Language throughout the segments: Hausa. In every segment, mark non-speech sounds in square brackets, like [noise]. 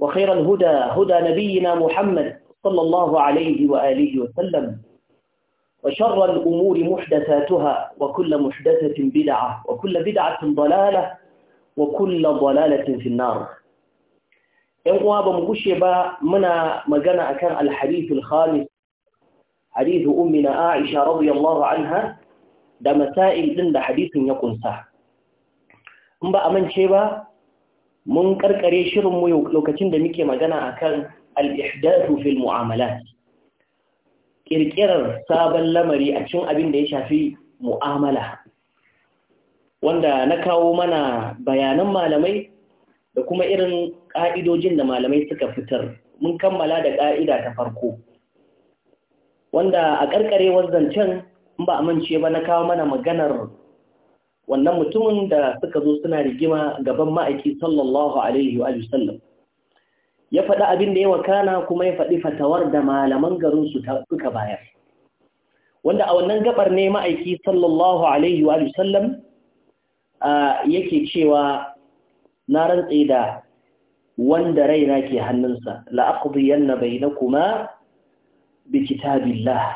وخير الهدى هدى نبينا محمد صلى الله عليه وآله وسلم وشر الأمور محدثاتها وكل محدثة بدعة وكل بدعة ضلالة وكل ضلالة في النار ينقوا بمقشبة منا مجنع كان الحديث الخامس حديث أمنا عائشة رضي الله عنها دمسائل masail حديث da hadisin من kunsa mun karkare shirinmu lokacin da muke magana akan al-ihdathu fil mu'amalat Ƙirƙirar sabon lamari a cikin abin da ya shafi mu'amala wanda na kawo mana bayanan malamai da kuma irin ƙa'idojin da malamai suka fitar mun kammala da ƙa'ida ta farko wanda a ƙarƙarewar zancen ba a mance ba na kawo mana maganar wannan mutumin da suka zo suna rigima gaban ma'aiki sallallahu alaihi wa sallam ya faɗi abin da ya wakana kuma ya faɗi fatawar da malaman garin su suka bayar wanda a wannan gabar ne ma'aiki sallallahu alaihi wa sallam yake cewa na rantse da wanda raina ke hannunsa la'aqdiyanna bainakuma bi kitabillah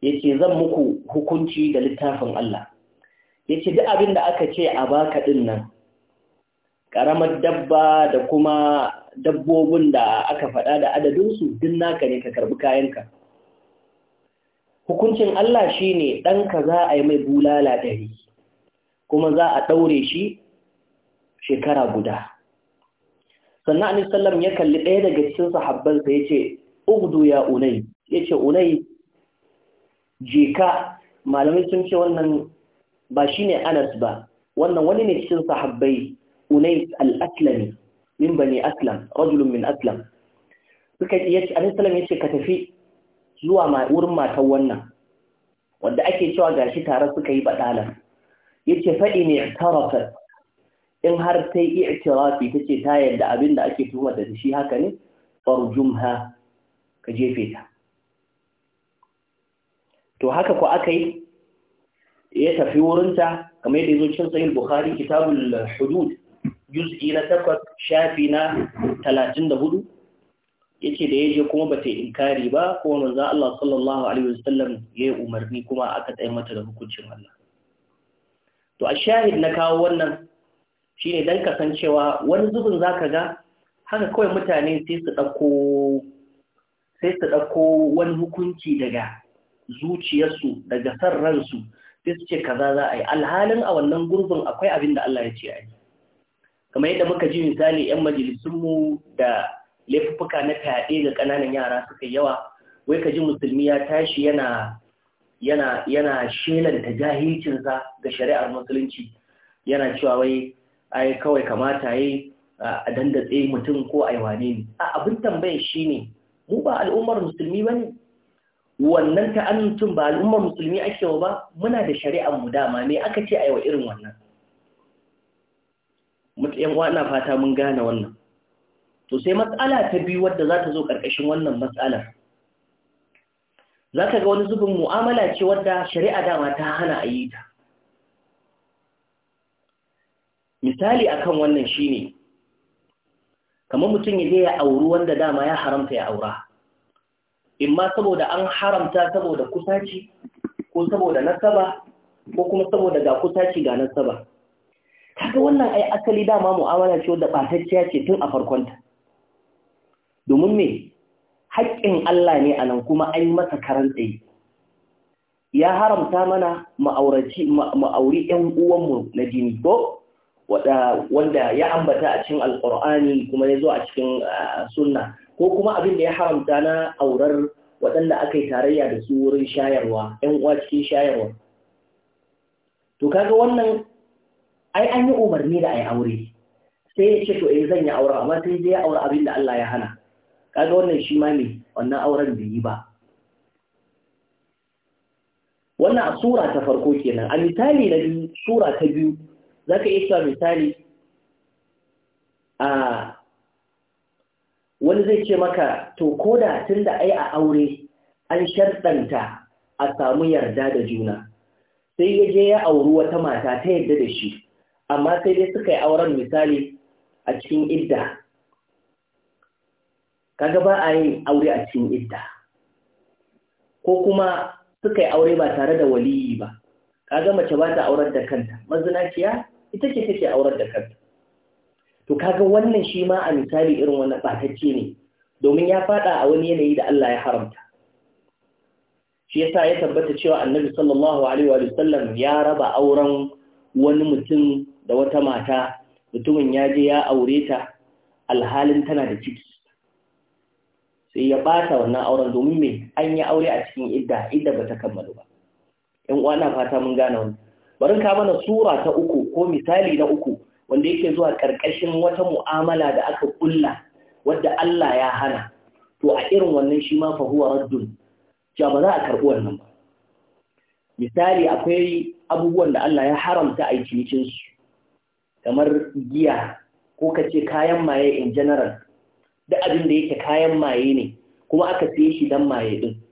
yake zan muku hukunci da littafin Allah ya ce duk abin da aka ce a baka ɗin nan ƙaramar dabba da kuma dabbobin da aka faɗa da adadinsu duk naka ne ka karɓi kayanka hukuncin Allah shi ne ɗanka za a yi mai bulala ɗari kuma za a ɗaure shi shekara guda sannan anis sallam ya kalli ɗaya daga cikin sahabbansa ya ce ugdu ya unai ya ce unai jeka malamai sun ce wannan ba shi ne Anas ba wannan wani ne cikin sahabbai Unais al-Aslami min bani Aslam rajulun min Aslam suka yace anas sallallahu yace ka tafi zuwa wurin matan wannan wanda ake cewa gashi tare suka yi badala yace fa in i'tarafa in har sai i'tirafi tace ta yadda abin da ake tuhuma da shi haka ne farjumha ka jefe ta to haka ko aka yi ya tafi wurinta kamar yadda zo cikin sahih bukhari kitabul hudud juz'i na 8 shafi na 34 yace da yaje kuma ba bata inkari ba ko manzo Allah sallallahu alaihi wasallam yayi umarni kuma aka tsaye mata da hukuncin Allah to a shahid na kawo wannan shine dan kasancewa wani zubin zaka ga haka kawai mutane sai su ɗauko sai su ɗauko wani hukunci daga zuciyarsu daga san ransu sai su ce kaza za a yi alhalin a wannan gurbin akwai abin da Allah ya ce a yi kamar yadda muka ji misali 'yan majalisunmu da laifuffuka na fyaɗe ga ƙananan yara suka yawa wai ka ji musulmi ya tashi yana yana yana shelanta jahilcinsa ga shari'ar musulunci yana cewa wai ai kawai kamata yi a dandatse mutum ko wane ne a abin tambayar shine mu ba al'ummar musulmi ba ne. wannan ta tun ba al'ummar musulmi ake wa ba muna da shari'ar mu dama ne, aka ce wa irin wannan mutum na fata mun gane wannan to sai matsala ta biyu wadda za ta zo ƙarƙashin wannan matsalar za ka ga wani zubin mu'amala ce wadda shari'a dama ta hana a yi ta misali akan wannan shine kamar mutum ya je ya auri wanda dama ya haramta ya aura imma saboda an haramta saboda kusaci ko saboda nasaba ko kuma saboda ga kusaci ga nasaba kaga wannan ai asali dama mu'amala ce wadda batacciya ce tun a farkonta domin me haƙƙin Allah ne anan kuma an yi masa karan ya haramta mana ma'aurati ma'auri ƴan uwanmu na jini ko wanda ya ambata a cikin alqur'ani kuma ya zo a cikin ah, sunna ko kuma abin da ya haramta na aurar waɗanda aka yi tarayya da su wurin shayarwa ‘yan uwa cikin shayarwa to kaga wannan ai an yi umarni da a yi aure sai ya ce to eh zan yi aure amma sai zai aure abin da Allah ya hana kaga wannan shi ma ne wannan auren da yi ba wannan a sura ta farko kenan a misali na biyu sura ta biyu za ka iya misali a wani zai ce maka to ko da tun da ai a aure an sharɗanta a samu yarda da juna sai ya je ya auri wata mata ta yarda da shi amma sai dai suka yi auren misali a cikin idda kaga ba a yin aure a cikin idda ko kuma suka yi aure ba tare da waliyi ba kaga mace ba ta aurar da kanta mazinaciya ita ce take aurar da kanta to kaga wannan shi ma a misali irin wannan batacce ne domin ya fada a wani yanayi da Allah ya haramta shi yasa ya tabbata cewa annabi sallallahu alaihi wa sallam ya raba auren wani mutum da wata mata mutumin ya je ya aure ta alhalin tana da ciki sai ya bata wannan auren domin me an yi aure a cikin idda idda bata kammalu ba in uwa na fata mun gane wannan bari ka mana sura ta uku ko misali na uku wanda yake zuwa ƙarƙashin wata mu'amala da aka kulla wadda Allah ya hana to a irin wannan shi ma fahuwa raddun ja ba za a karɓi wannan ba misali akwai abubuwan da Allah ya haramta a cinikin kamar giya ko ka ce kayan maye in general Duk abin da yake kayan maye ne kuma aka siye shi dan maye din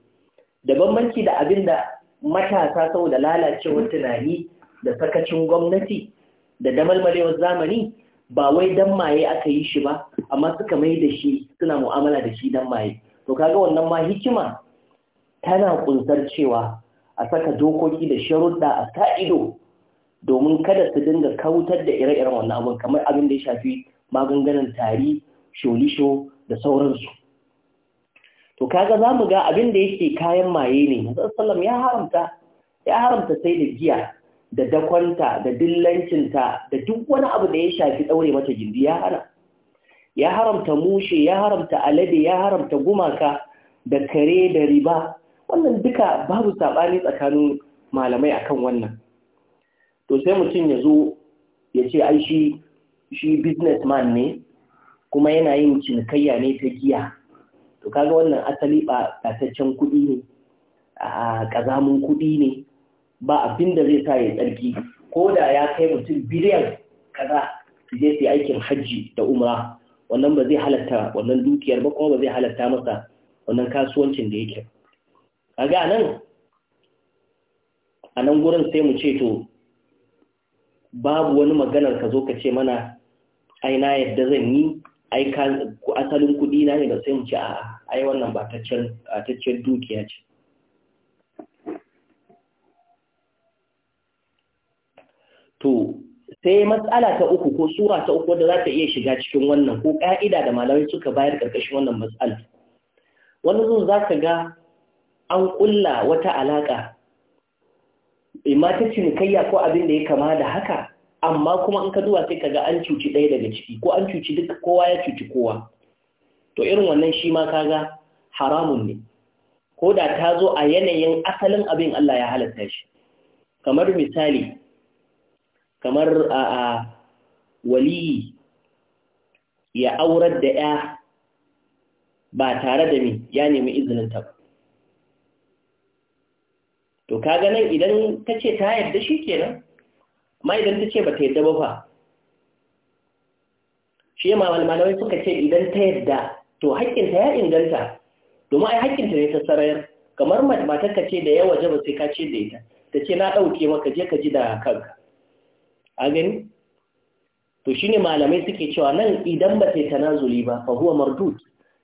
da bambanci da abin da matasa saboda lalacewar tunani da sakacin gwamnati da damalmalewar zamani ba wai dan maye aka yi shi ba amma suka mai da shi suna mu'amala da shi dan maye to kaga wannan ma hikima tana kunsar cewa a saka dokoki da sharuɗa a ka'ido domin kada su dinga kautar da ire-iren wannan abin kamar abin da ya shafi magungunan tari sholisho da sauransu to kaga za mu ga abin da yake kayan maye ne sallam ya haramta ya haramta sai da giya da dakonta da dillancinta da duk wani abu da ya shafi ɗaure mata gindi ya hana ya haramta mushe ya haramta alade ya haramta gumaka da kare da riba wannan duka babu saɓani tsakanin malamai akan wannan to sai mutum ya zo ya ce ai shi shi businessman ne kuma yana yin cinikayya ne ta giya to kaga wannan asali ba tacaccen kuɗi ne a ƙazamin kuɗi ne ba abin da zai sa ya tsarki ko da ya kai mutum biliyan kaza su je su aikin hajji da umra wannan ba zai halatta wannan dukiyar ba kuma ba zai halatta masa wannan kasuwancin da yake kaga nan a nan gurin sai mu ce to babu wani maganar ka zo ka ce mana ai na yadda zan yi ai asalin kuɗi na ne ba sai mu ce a ai wannan ba tacciyar dukiya ce to sai matsala ta uku ko sura ta uku wadda za ta iya shiga cikin wannan ko ƙa'ida da malamai suka bayar ƙarƙashin wannan matsala wani zuwa za ka ga an ƙulla wata alaƙa imma ta cinikayya ko abin da ya kama da haka amma kuma in ka zuwa sai ka ga an cuci ɗaya daga ciki ko an cuci duk kowa ya cuci kowa to irin wannan shi ma ka ga haramun ne ko da ta zo a yanayin asalin abin Allah ya halatta shi kamar misali kamar a wali ya aurar da ya ba tare da mi ya nemi izinin ta to kaga nan idan ta ce ta yarda shi kenan amma idan ta ce ba ta yarda ba fa shi ma malamai suka ce idan ta yarda to haƙƙinta ya inganta domin ai haƙƙinta ne ta sarayar kamar matakka ce da yawa jaba sai ka ce da ita ta ce na ɗauke maka je ka ji da kanka a gani to ne malamai suke cewa nan idan ba ta nazuli ba fa huwa mardud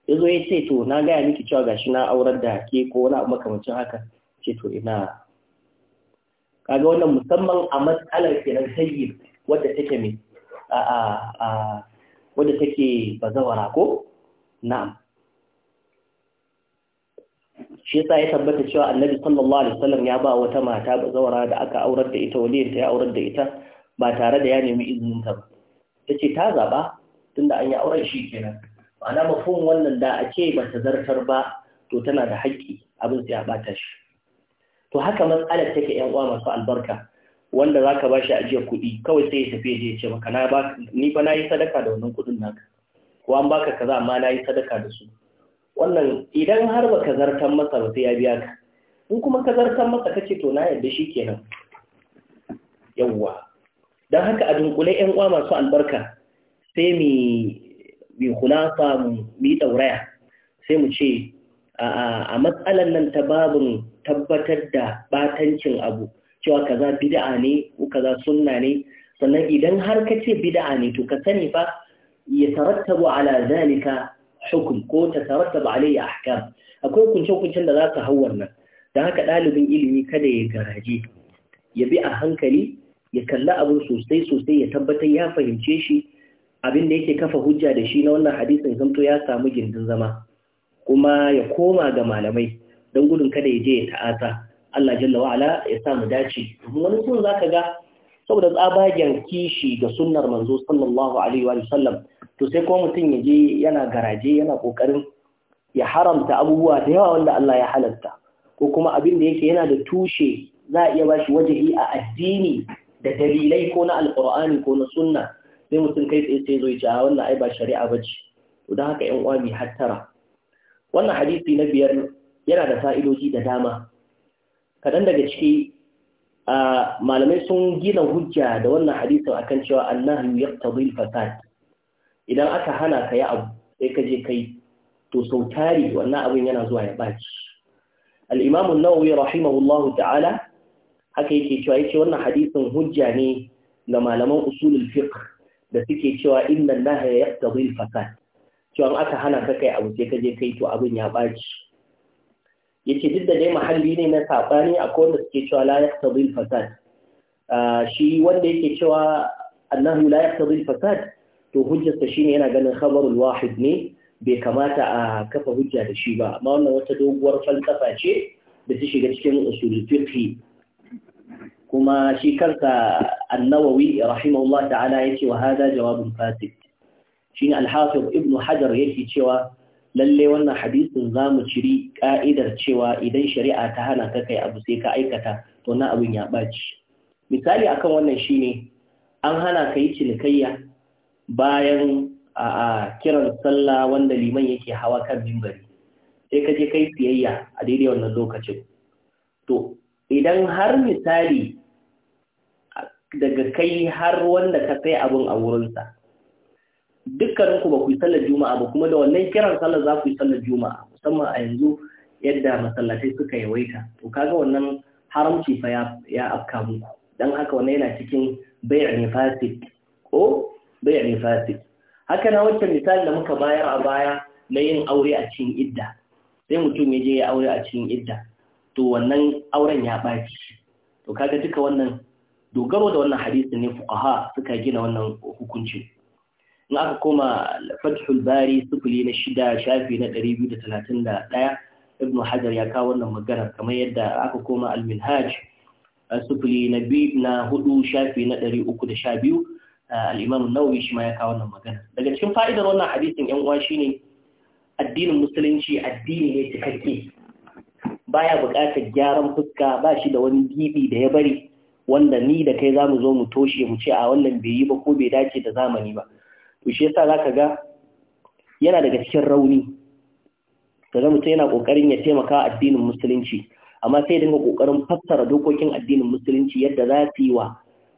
zo ya ce to na gaya miki cewa gashi na aurar da ke ko wani abu makamancin haka ce to ina kaga wannan musamman a matsalar kenan sayyid wadda take me a a a wadda take bazawara ko na'am shi yasa ya tabbata cewa annabi sallallahu alaihi wasallam ya ba wata mata bazawara da aka aurar da ita ta ya aurar da ita ba tare da ya nemi izinin ta ba ta ce ta zaɓa tunda an yi auren shi kenan ma'ana mafhum wannan da a ce ba ta zartar ba to tana da haƙƙi abin sai a bata shi to haka matsalar take yan uwa masu albarka wanda za ka ba shi ajiyar kuɗi kawai sai ya tafi ya ce maka ni ba na yi sadaka da wannan kuɗin naka ko an baka kaza amma na yi sadaka da su wannan idan har ba ka zartar masa ba sai ya biya ka in kuma ka zartar masa kace to na yadda shi kenan yawwa don haka a dunkule ‘yan uwa masu albarka sai mu hulasa mu yi ɗauraya sai mu ce a matsalan nan ta babin tabbatar da batancin abu cewa kaza bid'a ne ko kaza sunna ne sannan idan har ka ce bid'a ne to ka sani fa ya tarattabu ala zalika hukum ko ta tarattabu alayhi ahkam akwai kunce-kuncen da za su hau wannan don haka ɗalibin ilimi kada ya garaje ya bi a hankali ya kalla abin sosai sosai ya tabbatar ya fahimce shi abin da yake kafa hujja da shi na wannan hadisin zamto ya samu gindin zama kuma ya koma ga malamai don gudun kada ya je ya ta'asa. Allah jalla wa'ala ya sa mu dace wani sun zaka ga saboda tsabagen kishi ga sunnar manzo sallallahu alaihi wa sallam to sai kuma mutum ya je yana garaje yana kokarin ya haramta abubuwa da yawa wanda Allah ya halatta ko kuma abin da yake yana da tushe za a iya bashi wajahi a addini da dalilai ko na alkur'ani ko na sunna sai mutum kai tsaye sai zo ya a wannan ai ba shari'a ba ce to don haka yan uwa mai hattara wannan hadisi na biyar yana da fa'idoji da dama kaɗan daga ciki malamai sun gina hujja da wannan hadisin akan cewa annahu yaqtadi al-fasad idan aka hana ka yi abu sai ka je kai to sau tari wannan abin yana zuwa ya baci al-imam nawawi rahimahullahu ta'ala haka yake cewa yace wannan hadisin hujja ne ga malaman usulul fiqh da suke cewa inna allaha yaqtadi al-fasad cewa aka hana ka kai abu sai ka je kai to abin ya baci yace duk da dai mahalli ne na sabani akwai wanda suke cewa la yaqtadi al-fasad shi wanda yake cewa annahu la yaqtadi al-fasad to hujjarsa shine yana ganin khabarul wahid ne bai kamata a kafa hujja da shi ba amma wannan wata doguwar falsafa ce da ta shiga cikin usulul fiqh kuma shi kansa annawawi rahimahullah ta'ala yake wa hada jawabun Fasit. shine al-hafiz ibn hajar yake cewa lalle wannan hadisin zamu ciri ka'idar cewa idan shari'a ta hana ka kai abu sai ka aikata to na abin ya baci misali akan wannan shine an hana ka yi cinikayya bayan a kiran sallah wanda liman yake hawa kan mimbari sai ka je kai siyayya a daidai wannan lokacin to idan har misali daga kai har wanda ka sai abin a wurinsa dukkaninku ba ku yi sallar juma'a ba kuma da wannan kiran sallar za ku yi sallar juma'a musamman a yanzu yadda masallatai suka yawaita to kaga wannan haramci fa ya afka muku don haka wannan yana cikin bai'in fasid ko haka na wancan misali da muka bayar a baya na yin aure a cikin idda sai mutum ya je ya aure a cikin idda to wannan auren ya ɓaci to kaga duka wannan dogaro da wannan hadisi ne fuqaha suka gina wannan hukunci in aka koma fathul bari sufuli na shida shafi na 231 ibn hajar ya kawo wannan magana kamar yadda aka koma al-minhaj sufuli na na hudu shafi na 312 al-imam an-nawawi shi ma ya kawo wannan magana daga cikin fa'idar wannan hadisin yan uwa shine addinin musulunci addini ne cikakke baya buƙatar gyaran fuska ba shi da wani gibi da ya bari wanda ni da kai za mu zo mu toshe mu ce a wannan bai yi ba ko bai dace da zamani ba to shi yasa za ka ga yana daga cikin rauni ga mutum yana ƙoƙarin ya taimaka addinin musulunci amma sai dinga ƙoƙarin fassara dokokin addinin musulunci yadda za su yi wa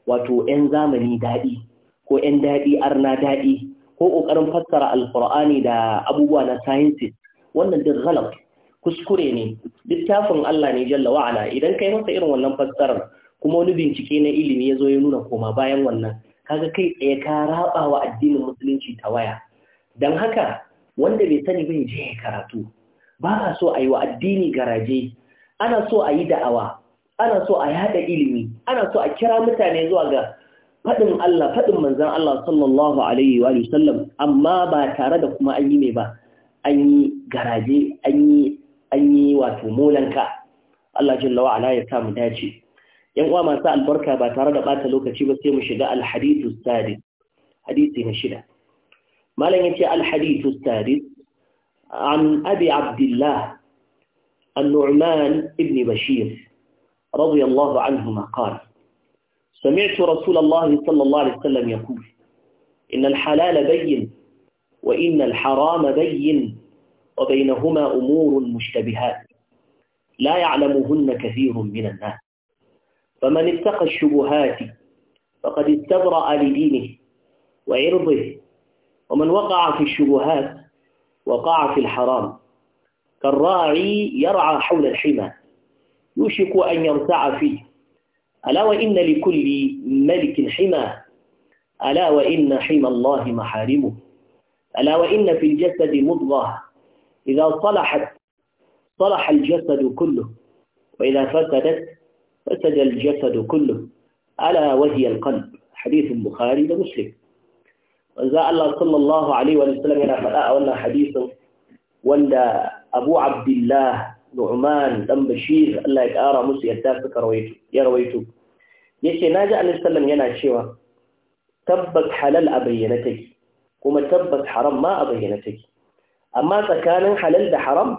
wato 'yan zamani daɗi ko 'yan daɗi arna daɗi ko ƙoƙarin fassara alƙur'ani da abubuwa na sciences wannan duk galab kuskure ne littafin Allah ne jalla wa'ala idan kai masa irin wannan fassarar kuma wani bincike na ilimi ya zo ya nuna koma bayan wannan kaga kai tsaye ka raba wa addinin musulunci ta waya don haka wanda bai sani bai je ya karatu ba a so a yi wa addini garaje ana so a yi da'awa ana so a yada ilimi ana so a kira mutane zuwa ga faɗin Allah faɗin manzan Allah sallallahu alaihi wa sallam amma ba tare da kuma an yi mai ba an yi garaje an yi an yi wato molanka Allah jalla wa ala ya sa mu dace yan uwa masu albarka ba tare da bata lokaci ba sai mu shiga alhadithu sadis hadisi na shida malam yace alhadithu sadis an abi abdullah النعمان ابن بشير رضي الله عنهما قال سمعت رسول الله صلى الله عليه وسلم يقول إن الحلال بين وإن الحرام بين وبينهما أمور مشتبهات لا يعلمهن كثير من الناس فمن اتقى الشبهات فقد استبرأ لدينه وعرضه ومن وقع في الشبهات وقع في الحرام كالراعي يرعى حول الحمى يوشك أن يرتع فيه ألا وإن لكل ملك حمى ألا وإن حمى الله محارمه ألا وإن في الجسد مضغة إذا صلحت صلح الجسد كله وإذا فسدت فسد الجسد كله ألا وهي القلب حديث البخاري لمسلم وإذا الله صلى الله عليه وسلم أنا فلا أولا حديثه ولا أبو عبد الله نعمان دم بشير الله يكارى مسي يتافك يا شيخ ناجع عليه السلام ينا شوى تبت حلال أبينتك وما تبت حرام ما أبينتك amma tsakanin halal da haram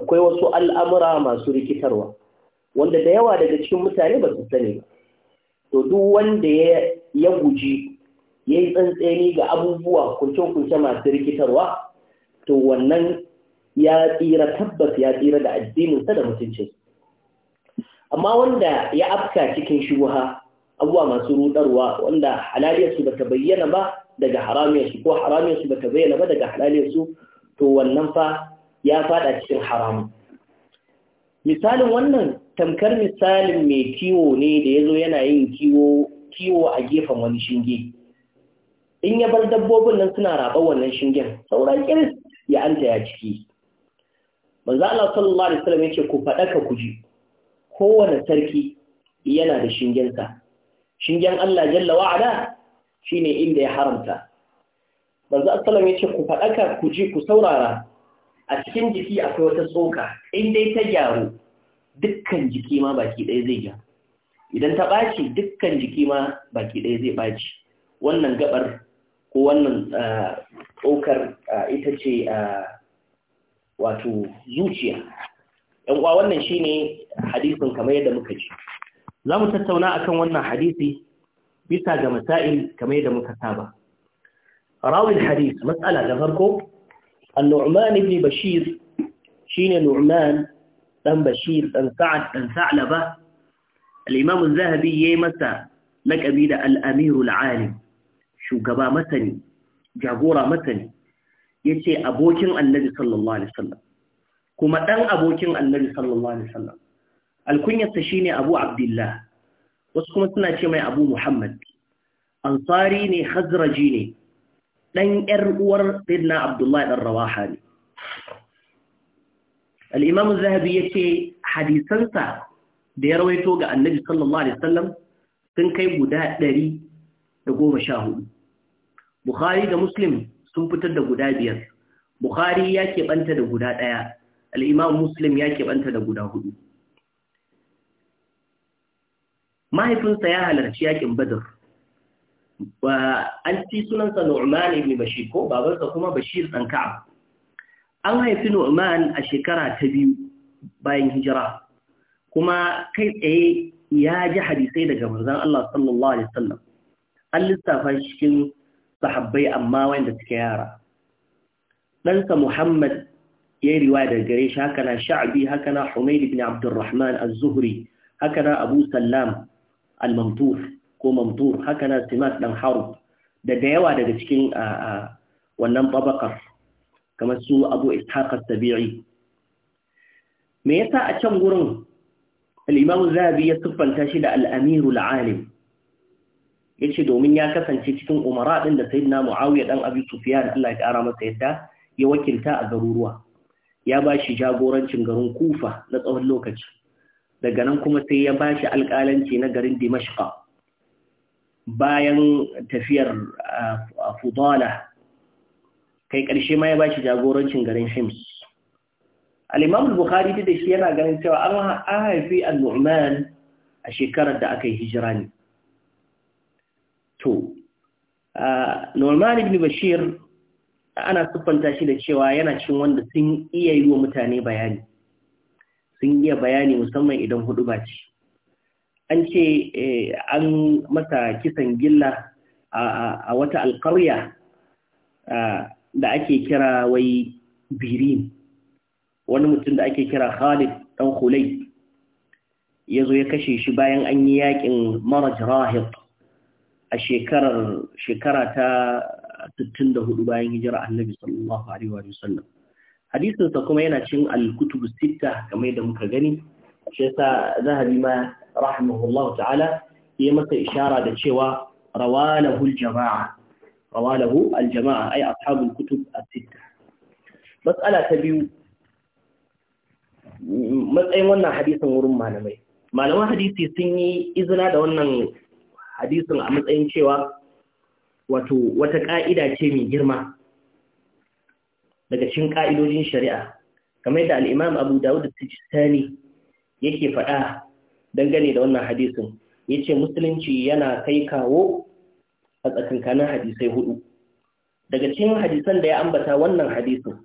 akwai wasu al'amura masu rikitarwa wanda da yawa daga cikin mutane ba su sani ba to duk wanda ya guji ya yi tsantseni ga abubuwa kunce-kunce masu rikitarwa to wannan ya tsira tabbas ya tsira da addininsa da mutuncin. amma wanda ya afka cikin shubuha abuwa masu rudarwa wanda halaliyarsu ba ta bayyana ba daga haramiyarsu ko haramiyarsu ba ta bayyana ba daga halaliyarsu to wannan fa ya fada cikin haramun misalin wannan tamkar misalin mai kiwo ne da ya zo yana yin kiwo a gefen wani shinge in ya bar dabbobin nan suna raɓar wannan shingen sauran kiris ya anta ya ciki manzo Allah sallallahu alaihi wasallam yake ku faɗa ka kuji kowane sarki yana da shingensa shingen Allah jalla wa'ala shine inda ya haramta manzo assalam ce ku faɗaka ku ji ku saurara a cikin jiki akwai wata tsoka in dai ta gyaru dukkan jiki ma baki ɗaya zai gyaru idan ta ɓaci dukkan jiki ma baki ɗaya zai ɓaci wannan gabar ko wannan tsokar ita ce wato zuciya uwa wannan shine hadisin kamar yadda muka ji za mu tattauna akan wannan hadisi bisa ga masail kamar yadda muka saba راوي الحديث مسألة لفركو النعمان بن بشير شين نعمان دم بشير دم سعد دم ثعلبة الإمام الذهبي يمسى لك أبيد الأمير العالم شو قبا متني جاغورا متني يتي أبوكين النبي صلى الله عليه وسلم كما دم أبوكين النبي صلى الله عليه وسلم الكنية شيني أبو عبد الله wasu kuma suna ce mai abu Muhammad, ansari ne, khazraji ne, ɗan ‘yar uwar Sayyidina Abdullahi ɗan Rawaha ne. Al'imamu Zahabi ya ce, hadisansa da ya rawaito ga annabi sallallahu Alaihi wasallam sun kai guda ɗari da goma sha hudu. Bukhari da Muslim sun fitar da guda biyar. Bukhari ya keɓanta da guda ɗaya, al'imamu Muslim ya keɓanta da guda hudu. Mahaifinsa ya halarci yaƙin Badr. ba an ci sunansa Nu'man ibn Bashir ko babansa kuma Bashir dan Ka'ab an haifi Nu'man a shekara ta biyu bayan hijira kuma kai tsaye ya ji hadisai daga manzon Allah sallallahu alaihi wasallam an lissafa shi cikin sahabbai amma wanda suke yara ɗansa Muhammad ya yi riwaya daga gare shi haka na Sha'bi haka na Humayd ibn Abdurrahman az-Zuhri haka na Abu Sallam al ko mamtur haka na simat dan harub da da yawa daga cikin wannan babakar kamar su abu ishaq as-sabi'i me yasa a can gurin al-imam zabi ya siffanta shi da al-amirul alim yace domin ya kasance cikin umara din da sayyidina muawiya dan abi sufyan Allah ya kara masa yadda ya wakilta a garuruwa ya bashi jagorancin garin kufa na tsawon lokaci daga nan kuma sai ya bashi alƙalanci na garin dimashqa bayan tafiyar a fudala kai ƙarshe ma ya ba shi jagorancin garin shims al'imam bukhari da shi yana ganin cewa an haifi al-nu'man a shekarar da aka yi hijira ne to nu'man ibn bashir ana siffanta shi da cewa yana cin wanda sun iya yi wa mutane bayani sun iya bayani musamman idan hudu ba ce an ce eh, an masa kisan gilla a wata alkarya da ake kira wai birin wani mutum da ake kira khalid dan hulai ya zo ya kashe shi bayan an yi yakin maraj rahib a shekara ta 64 bayan hijira annabi sallallahu alaihi wa sallam hadisinsa kuma yana cin alkutubu sita sitta kamar da muka gani shi yasa zahabi ma rahimahullahu ta'ala ya masa ishara da cewa rawalahu aljama'a jamaa rawalahu ay ashabul kutub as-sittah mas'ala ta biyu matsayin wannan hadisin wurin malamai malaman hadisi sun yi izina da wannan hadisin a matsayin cewa wato wata ka'ida ce mai girma daga cikin ka'idojin shari'a kamar da al-imam Abu Dawud al-Sijistani yake faɗa dangane da wannan hadisin ya ce musulunci yana kai kawo a tsakankanin hadisai hudu daga cikin hadisan da ya ambata wannan hadisin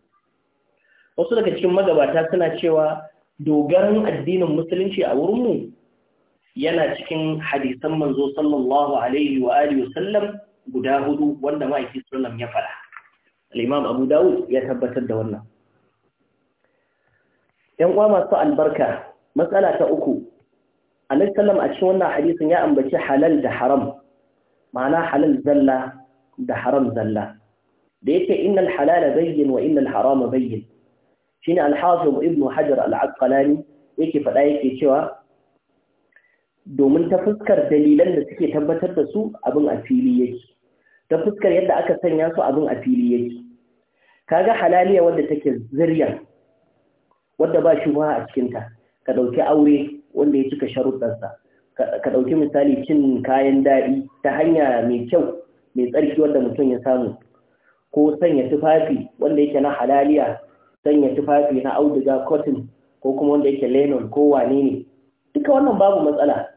wasu daga cikin magabata suna cewa dogaran addinin musulunci a wurinmu yana cikin hadisan manzo sallallahu alaihi wa alihi wasallam guda hudu wanda ma'aiki sallam ya fara Alimam abu dawud ya tabbatar da wannan yan uwa masu albarka matsala ta uku alaihi sallam a cikin wannan hadisin ya ambaci halal da haram ma'ana halal zalla da haram zalla da yake innal halala bayyin wa innal harama bayyin shine al-hafiz ibn hajar al-asqalani yake faɗa yake cewa domin ta fuskar dalilan da suke tabbatar da su abin a fili yake ta fuskar yadda aka sanya su abin a fili yake kaga halaliya wadda take zirya wadda ba shi a cikinta ka ɗauki aure wanda ya cika sharuɗansa ka ɗauki misali cin kayan daɗi ta hanya mai kyau mai tsarki wanda mutum ya samu ko sanya tufafi wanda yake na halaliya sanya tufafi na auduga cotton ko kuma wanda yake lenon ko wane ne duka wannan babu matsala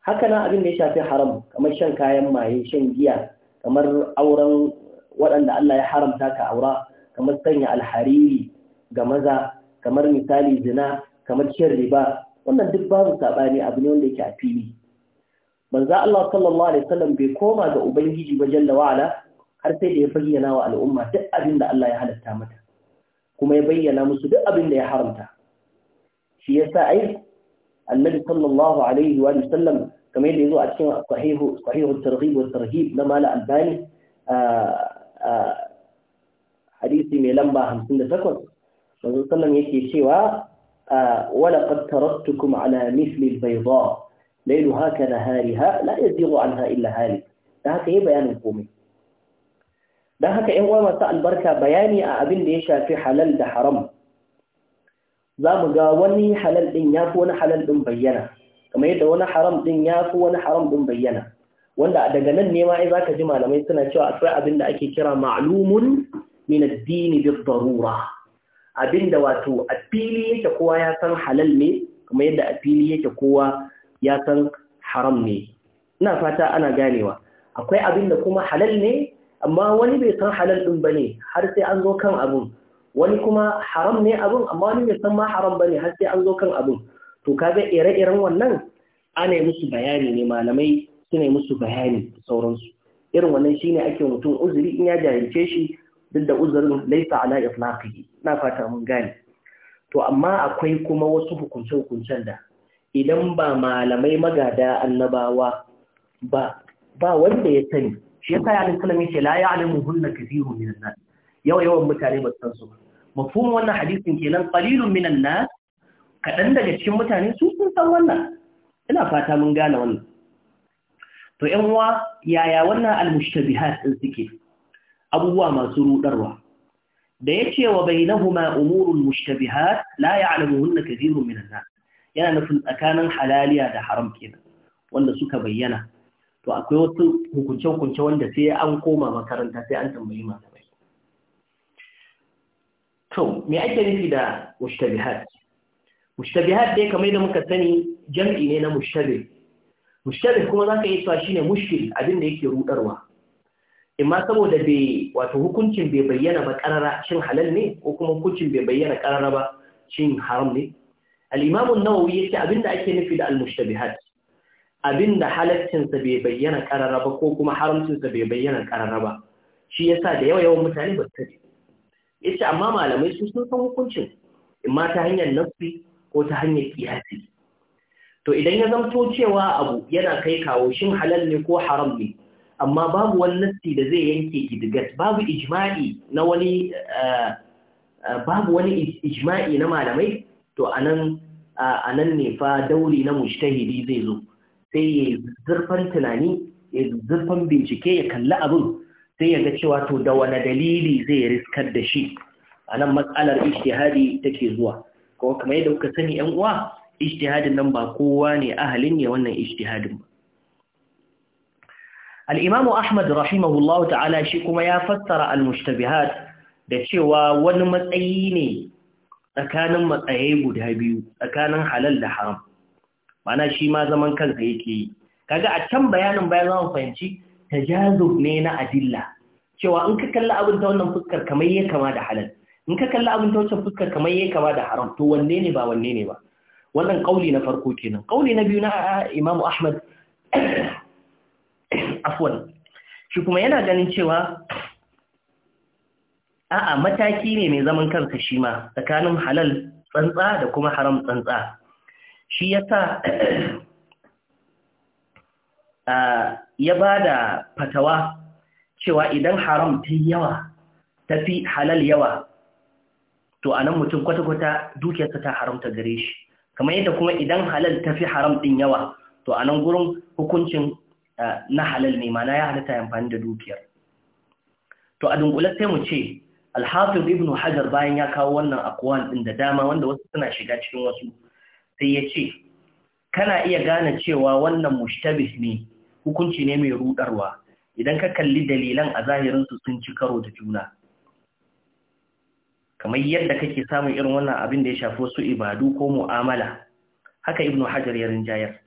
haka nan abin da ya shafi haram kamar shan kayan maye shan giya kamar auren waɗanda Allah ya haramta ka aura kamar sanya alhariri ga maza kamar misali zina kamar cin riba wannan duk babu saɓani abu ne wanda yake a fili manzo Allah sallallahu alaihi wasallam bai koma ga ubangiji ba jalla wa'ala har sai da ya bayyana wa al'umma duk abin da Allah ya halatta mata kuma ya bayyana musu duk abin da ya haramta shi yasa ai annabi sallallahu alaihi wa sallam kamar yadda yazo a cikin sahihu sahihu targhib wa tarhib na mala albani hadisi mai lamba 58 manzo sallam yake cewa ولقد تركتكم على مثل البيضاء ليلها كنهارها لا يزيغ عنها إلا هالك da haka yi bayanin komai don haka ‘yan uwa masu albarka bayani a abinda ya shafi halal da haram zamu mu ga wani halal ɗin ya fi wani halal ɗin bayyana kamar da wani haram ɗin ya fi wani haram ɗin bayyana wanda daga nan ne ma za ka ji malamai suna cewa akwai abin da ake kira ma'lumun min addini bi darura abinda wato a fili yake kowa ya san halal ne kuma yadda a fili yake kowa ya san haram ne ina fata ana ganewa akwai abin da kuma halal ne amma wani bai san halal din bane har sai an zo kan abun wani kuma haram ne abun amma wani bai san ma haram bane har sai an zo kan abun to kaga ire-iren wannan ana yi musu bayani ne malamai suna yi musu bayani sauransu irin wannan shine ake mutum uzuri in ya jahilce shi duk da uzurin laifa ala itlaqihi na fata mun gane to amma akwai kuma wasu hukunce-hukuncen da idan ba malamai magada annabawa ba ba wanda ya sani shi yasa ya alin kalami ce la ya alimu hunna kathiru minan nas yawa yawan mutane ba san su mafhumin wannan hadisin kenan qalilun minan nas kadan daga cikin mutane su sun san wannan ina fata mun gane wannan to yan uwa yaya wannan almushtabihat din suke abubuwa masu rudarwa da yace wa bainahuma umurun mushtabihat la ya'lamuhunna kathirun minan nas yana nufin tsakanin halaliya da haram kenan wanda suka bayyana to akwai wasu hukunce-hukunce wanda sai an koma makaranta sai an tambayi malamai to me ake nufi da mushtabihat mushtabihat dai kamar da muka sani jam'i ne na mushtabih mushtabih kuma ka yi cewa shine mushkil abin da yake rudarwa imma saboda bai wato hukuncin bai bayyana ba ƙarara shin halal ne ko kuma hukuncin bai bayyana karara ba shin haram ne al'imamun Nawawi ya ce abinda ake nufi da al-mushtabihat abinda halaccin bai bayyana karara ba ko kuma haramcinsa bai bayyana karara ba shi sa da yawa yawan mutane ba su Ya yace amma malamai su sun san hukuncin imma ta hanyar nafi ko ta hanyar kiyasi to idan ya zamto cewa abu yana kai kawo shin halal ne ko haram ne amma babu wani nassi da zai yanke gidigat babu ijma'i na wani eh, eh, babu wani ijma'i na malamai to anan eh, anan ne fa dauri na mujtahidi zai zo sai ya zurfan tunani ya zurfan bincike ya kalli abin sai ya ga cewa to da wani dalili zai riskar da shi anan matsalar ijtihadi take zuwa kuma kamar yadda kuka sani yan uwa ijtihadin nan ba kowa ne ahalin ne wannan ijtihadin ba al'imamu ahmad rahimahullahu ta'ala shi kuma ya fassara al-mushtabihat da cewa wani matsayi ne tsakanin matsayi guda biyu tsakanin halal da haram mana shi ma zaman kansa yake yi kaga a can bayanin bayan zama fahimci tajazub ne na adilla cewa in ka kalli abin ta wannan fuskar kamar ya kama da halal in ka kalli abin ta wancan fuskar kamar ya kama da haram to wanne ne ba wanne ne ba wannan kauli na farko kenan kauli na biyu na imamu ahmad Afuwan, shi kuma yana ganin cewa a'a mataki ne mai zaman kansa shi ma tsakanin halal tsantsa da kuma haram tsantsa shi yasa [clears throat] ya ba da fatawa cewa idan haram ta yawa tafi halal yawa to a nan mutum kwata-kwata dukiyarsa ta haramta gare shi kamar yadda kuma idan halal tafi haram ɗin yawa to a nan gurin hukuncin na halal ne mana ya halatta amfani da dukiyar to a dunkule sai mu ce alhafiz ibn hajar bayan ya kawo wannan akwan din da dama wanda wasu suna shiga cikin wasu sai ya ce kana iya gane cewa wannan mushtabih ne hukunci ne mai rudarwa idan ka kalli dalilan a zahirinsu sun ci karo da juna kamar yadda kake samun irin wannan abin da ya shafi wasu ibadu ko mu'amala haka Ibn hajar ya rinjayar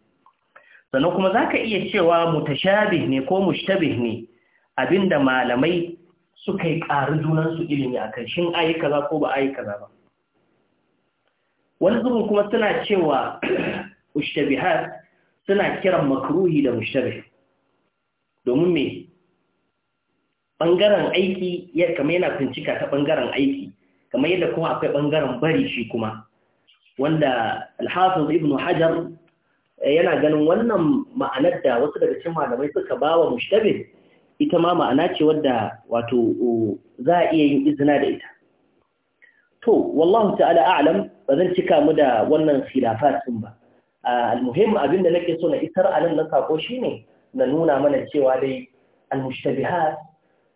sannan kuma za ka iya cewa mutashabih ne ko mushtabih ne abinda malamai suka yi ƙari junansu ilimi a ƙarshen ayyuka za ko ba ayyuka za ba wani zubin kuma suna cewa [clears throat] mushtabihar suna kiran makruhi da mushtabih domin mai ɓangaren aiki ya kama yana fincika ta ɓangaren aiki kama yadda kuma akwai ɓangaren bari shi kuma wanda alhafin ibn hajar Eh, yana ganin wannan ma'anar da wasu daga cin malamai suka ba wa mushtabih ita ma ma'ana ce wadda wato za a iya yin izina da ita to wallahu ta'ala a'lam ba zan cika mu da wannan khilafat din ba almuhim abin da nake so na isar a nan na sako shine na nuna mana cewa dai almushtabihat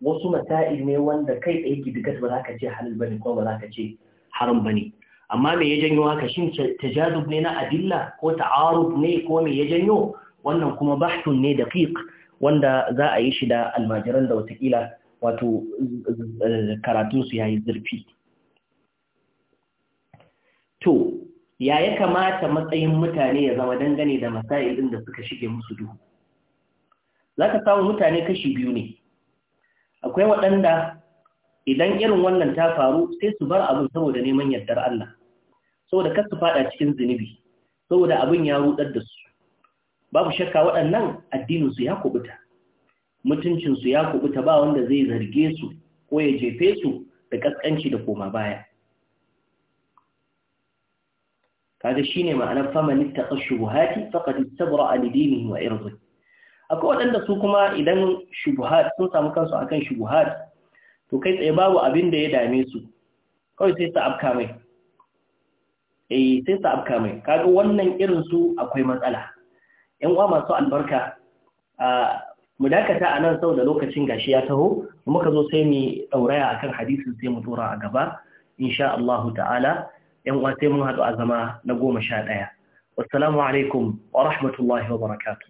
wasu mata'i ne wanda kai tsaye gidigas ba za ka ce halal bane ko ba za ka ce haram bane amma me ya janyo haka shin tajadub ne na adilla ko ta'aruf ne ko me ya janyo wannan kuma bahtun ne daqiq wanda za a yi shi da almajiran da watakila wato karatun su yayi zurfi to ya ya kamata matsayin mutane ya zama dangane da masailin da suka shige musu duhu za ka samu mutane kashi biyu ne akwai waɗanda idan irin wannan ta faru sai su bar abin saboda neman yardar Allah saboda kar su fada cikin zunubi saboda abin ya rudar da su babu shakka waɗannan addinin su ya kubuta mutuncin su ya kubuta ba wanda zai zarge su ko ya jefe su da kaskanci da koma baya kaga shine ma'anar famanin taqa shubuhati faqad istabra li dinihi wa irdihi akwai waɗanda su kuma idan shubuhat sun samu kansu akan shubuhat to kai tsaye babu abin da ya dame su kawai sai su afka mai eh sai su abka mai kaga wannan irin su akwai matsala yan uwa masu albarka a mu dakata a nan sau da lokacin gashi ya taho muka zo sai mu dauraya akan hadisin sai mu tura a gaba insha Allah ta'ala yan uwa sai mun hadu a zama na goma sha ɗaya wassalamu alaikum wa rahmatullahi wa barakatuh